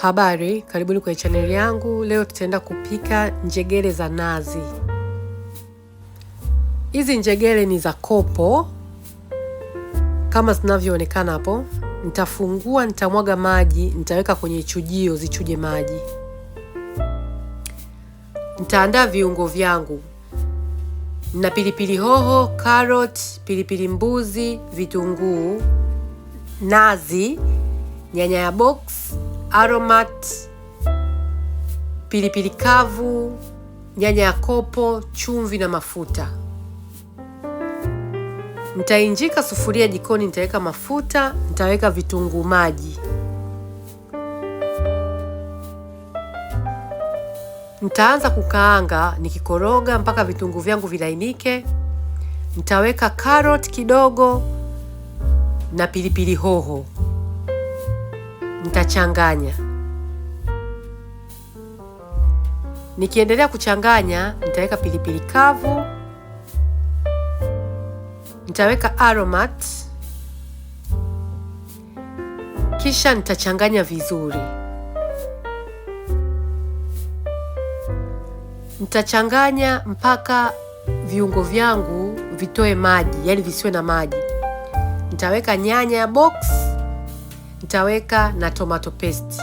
Habari, karibuni kwenye chaneli yangu. Leo tutaenda kupika njegere za nazi. Hizi njegere ni za kopo kama zinavyoonekana hapo. Nitafungua, nitamwaga maji, nitaweka kwenye chujio zichuje maji. Nitaandaa viungo vyangu na pilipili hoho, karot pilipili mbuzi, vitunguu, nazi, nyanya ya box aromat, pilipili kavu, nyanya ya kopo, chumvi na mafuta. Nitainjika sufuria jikoni, nitaweka mafuta, nitaweka vitunguu maji, nitaanza kukaanga nikikoroga mpaka vitunguu vyangu vilainike. Nitaweka karoti kidogo na pilipili hoho. Nitachanganya. Nikiendelea kuchanganya, nitaweka pilipili kavu, nitaweka aromat, kisha nitachanganya vizuri. Nitachanganya mpaka viungo vyangu vitoe maji, yaani visiwe na maji. Nitaweka nyanya boksi nitaweka na tomato paste.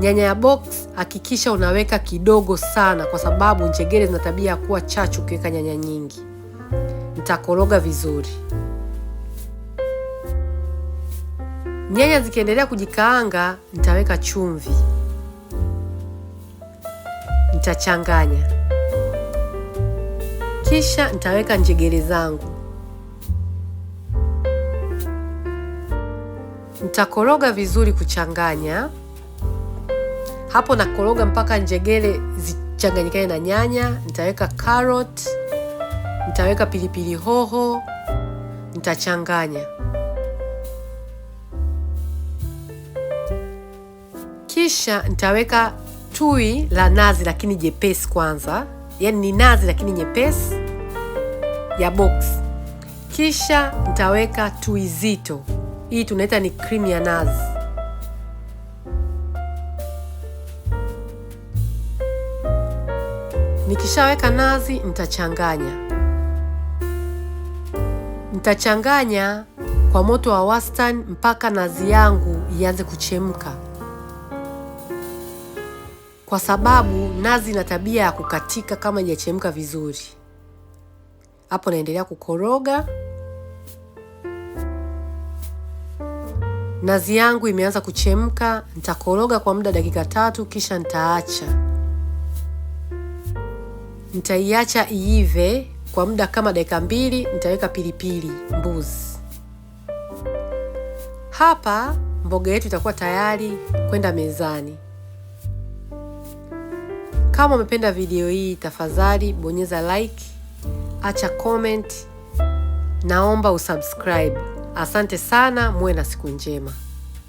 Nyanya ya box hakikisha unaweka kidogo sana, kwa sababu njegere zina tabia ya kuwa chachu ukiweka nyanya nyingi. Nitakoroga vizuri. Nyanya zikiendelea kujikaanga, nitaweka chumvi, nitachanganya, kisha nitaweka njegere zangu. Nitakoroga vizuri kuchanganya. Hapo nakoroga mpaka njegele zichanganyikane na nyanya. Nitaweka carrot, nitaweka pilipili hoho, nitachanganya. Kisha nitaweka tui la nazi lakini jepesi kwanza, yaani ni nazi lakini nyepesi ya box. Kisha nitaweka tui zito hii tunaita ni cream ya nazi. Nikishaweka nazi nitachanganya, nitachanganya kwa moto wa wastani mpaka nazi yangu ianze kuchemka, kwa sababu nazi ina tabia ya kukatika kama haijachemka vizuri. Hapo naendelea kukoroga. Nazi yangu imeanza kuchemka, nitakoroga kwa muda dakika tatu, kisha nitaacha. Nitaiacha iive kwa muda kama dakika mbili. Nitaweka pilipili mbuzi hapa. Mboga yetu itakuwa tayari kwenda mezani. Kama umependa video hii, tafadhali bonyeza like, acha comment, naomba usubscribe. Asante sana, muwe na siku njema.